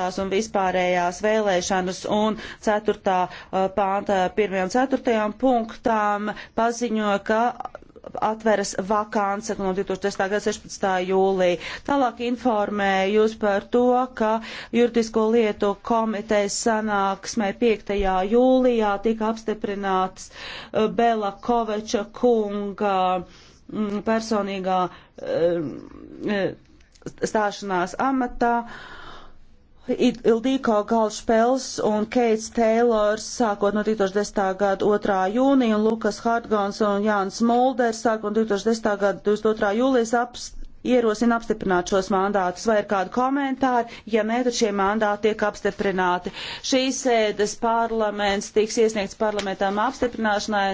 tās un vispārējās vēlēšanas un 4. pānta 1. un 4. punktām paziņoja, ka atveras vakāns no 2010. gada 16. jūlija. Tālāk informēju jūs par to, ka juridisko lietu komitejas sanāksmē 5. jūlijā tika apstiprināts uh, Bela Koveča kunga mm, personīgā uh, mm, stāšanās amatā. Ildīko Galšpels un Keits Teilors sākot no 2010. gada 2. jūnija un Lukas Hartgons un Jānis Mulders sākot no 2010. gada 22. jūlijas apst ierosina apstiprināt šos mandātus, vai ir kādi komentāri, ja nē, tad šie mandāti tiek apstiprināti. Šīs sēdes parlaments tiks iesniegts parlamentam apstiprināšanai.